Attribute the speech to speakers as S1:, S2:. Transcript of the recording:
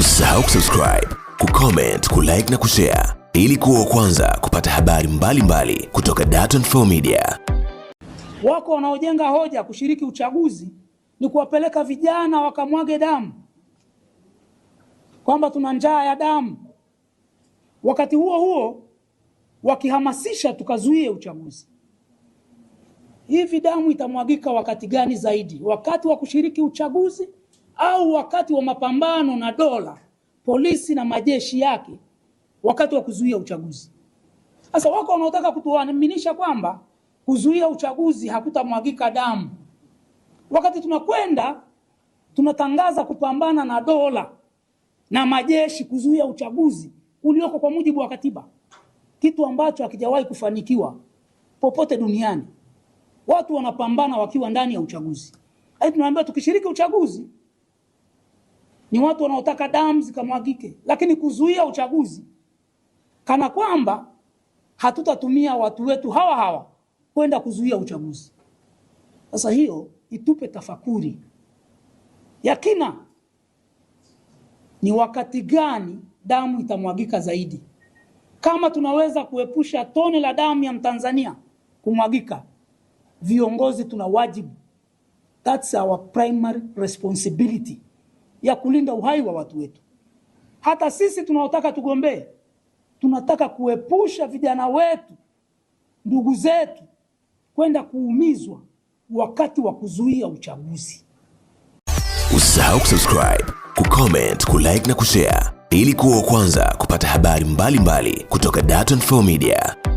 S1: Usisahau kusubscribe, kucomment, kulike na kushare ili kuwa kwanza kupata habari mbalimbali mbali kutoka Dar24 Media.
S2: Wako wanaojenga hoja kushiriki uchaguzi ni kuwapeleka vijana wakamwage damu, kwamba tuna njaa ya damu, wakati huo huo wakihamasisha tukazuie uchaguzi. Hivi damu itamwagika wakati gani zaidi? Wakati wa kushiriki uchaguzi au wakati wa mapambano na dola, polisi na majeshi yake, wakati wa kuzuia uchaguzi. Sasa wako wanaotaka kutuaminisha kwamba kuzuia uchaguzi hakutamwagika damu, wakati tunakwenda tunatangaza kupambana na dola na majeshi kuzuia uchaguzi ulioko kwa mujibu wa katiba, kitu ambacho hakijawahi kufanikiwa popote duniani. Watu wanapambana wakiwa ndani ya uchaguzi, lakini tunaambiwa tukishiriki uchaguzi ni watu wanaotaka damu zikamwagike, lakini kuzuia uchaguzi kana kwamba hatutatumia watu wetu hawa hawa kwenda kuzuia uchaguzi. Sasa hiyo itupe tafakuri ya kina, ni wakati gani damu itamwagika zaidi? Kama tunaweza kuepusha tone la damu ya Mtanzania kumwagika, viongozi tuna wajibu, that's our primary responsibility ya kulinda uhai wa watu wetu. Hata sisi tunaotaka tugombee, tunataka kuepusha vijana wetu, ndugu zetu, kwenda kuumizwa wakati wa kuzuia uchaguzi.
S1: Usisahau kusubscribe, kucomment, kulike na kushare ili kuwa wa kwanza kupata habari mbalimbali mbali kutoka Dar24 Media.